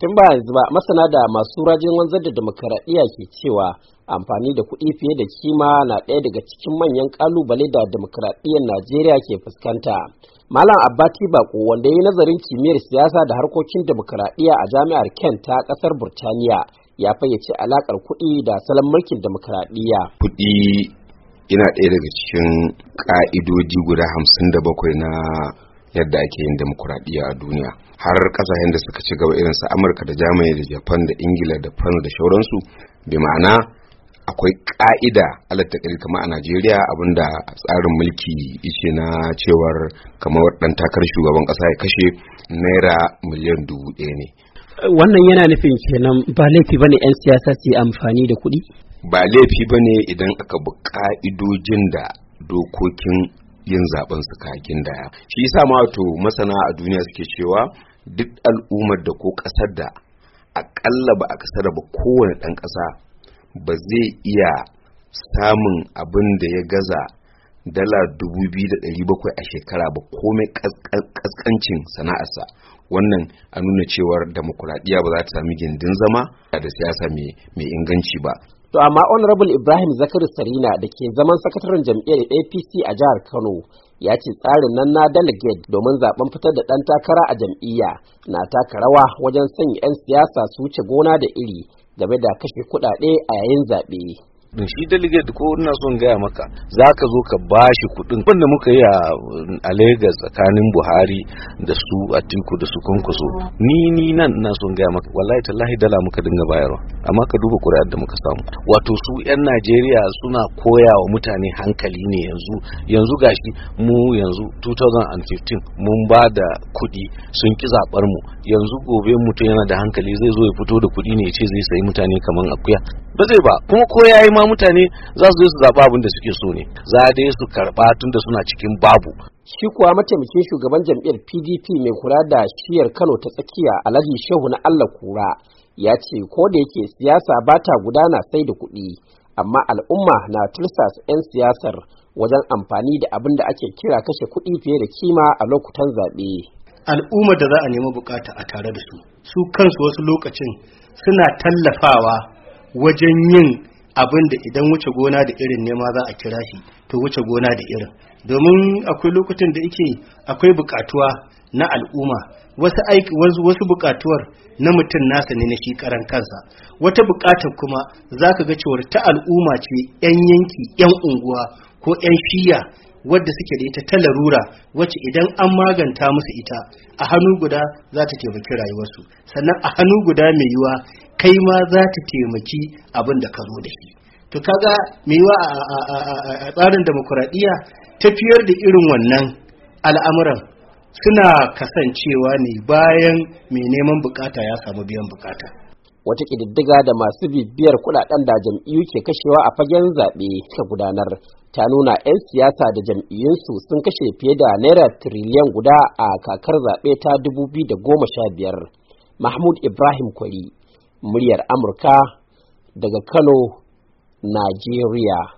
tun ba yanzu ba masana da masu rajin wanzar da demokaradiyya ke cewa amfani da kuɗi fiye da kima na ɗaya daga cikin manyan ƙalubale da demokaradiyyar najeriya ke fuskanta malam abbati bako wanda ya yi nazarin kimiyyar siyasa da harkokin demokaradiyya a jami'ar kent ta ƙasar burtaniya ya fayyace alaƙar kuɗi da salon mulkin demokaradiyya kuɗi yana ɗaya daga cikin ƙa'idodi guda hamsin da bakwai na yadda ake yin demokuraɗiyya a duniya har ƙasashen da suka ci gaba irin su amurka da jamani da japan da ingila da france da shauransu bi ma'ana akwai ka'ida alatta ɗari kama a najeriya abinda tsarin mulki ishe na cewar kamar dan takarar shugaban kasa ya kashe naira miliyan dubu ɗaya ne wannan yana nufin kenan ba laifi bane 'yan siyasa su amfani da kuɗi ba laifi bane idan aka bi ka'idojin da dokokin yin zaben su kakin daya shi yasa ma to masana a duniya suke cewa duk al'ummar da ko kasar da akalla ba a kasar ba kowane dan kasa ba zai iya samun abin da ya gaza dala dubu ɗari bakwai a shekara ba komai kaskancin sana'arsa wannan a nuna cewar demokuraɗiyya ba za ta sami gindin zama da siyasa mai inganci ba To amma Honorable Ibrahim Zakari Sarina da ke zaman sakataren jam'iyyar APC a jihar Kano ya ce tsarin nan na delegate domin zaben fitar da ɗan takara a jam'iyya na taka rawa wajen sanya 'yan siyasa su wuce gona da iri game da kashe kuɗaɗe a yayin zaɓe. din shi delegate ko ina son gaya maka za ka zo ka bashi kuɗin wanda muka yi a Lagos tsakanin Buhari da su Atiku da su Kwankwaso ni ni nan ina son gaya maka wallahi tallahi dala muka dinga bayarwa amma ka duba kuri'ar da muka samu wato su 'yan Najeriya suna koya wa mutane hankali ne yanzu yanzu gashi mu yanzu 2015 mun ba da kuɗi sun ki zaɓar mu yanzu gobe mutum yana da hankali zai zo ya fito da kuɗi ne ya ce zai sayi mutane kamar akuya ba zai ba kuma ko yayi ma mutane za su je su zaba abin da suke so ne za dai su karɓa tun da suna cikin babu shi kuwa mataimakin shugaban jam'iyyar pdp mai kula da shiyar kano ta tsakiya alhaji shehu na allah kura ya ce ko da yake siyasa ba ta gudana sai da kuɗi amma al'umma na tursasa 'yan siyasar wajen amfani da abin da ake kira kashe kuɗi fiye da kima a lokutan zaɓe al'umma da za a nemi bukata a tare da su su kansu wasu lokacin suna tallafawa wajen yin abin da idan wuce gona da irin ne ma za a kira shi to wuce gona da irin domin akwai lokutan da ike akwai bukatuwa na al'umma wasu aiki wasu bukatuwar na mutum nasa ne na shi karan kansa wata bukatar kuma zaka ga cewar ta al'umma ce 'yan yanki 'yan unguwa ko 'yan shiya wadda suke da ita ta larura wacce idan an maganta musu ita a hannu guda za ta taimaki rayuwarsu sannan a hannu guda mai yiwa kai ma za ta taimaki abin da ka zo da shi to kaga mai yiwa a tsarin demokuraɗiyya tafiyar da irin wannan al'amuran suna kasancewa ne bayan mai neman bukata ya samu biyan bukata wata ƙididdiga da masu bibiyar kuɗaɗen da jam'iyyu ke kashewa a fagen zaɓe ta gudanar ta nuna 'yan siyasa da jam'iyyunsu sun kashe fiye da naira tiriliyan guda a kakar zaɓe ta 2015 mahmud ibrahim kwari muryar amurka daga kano najeriya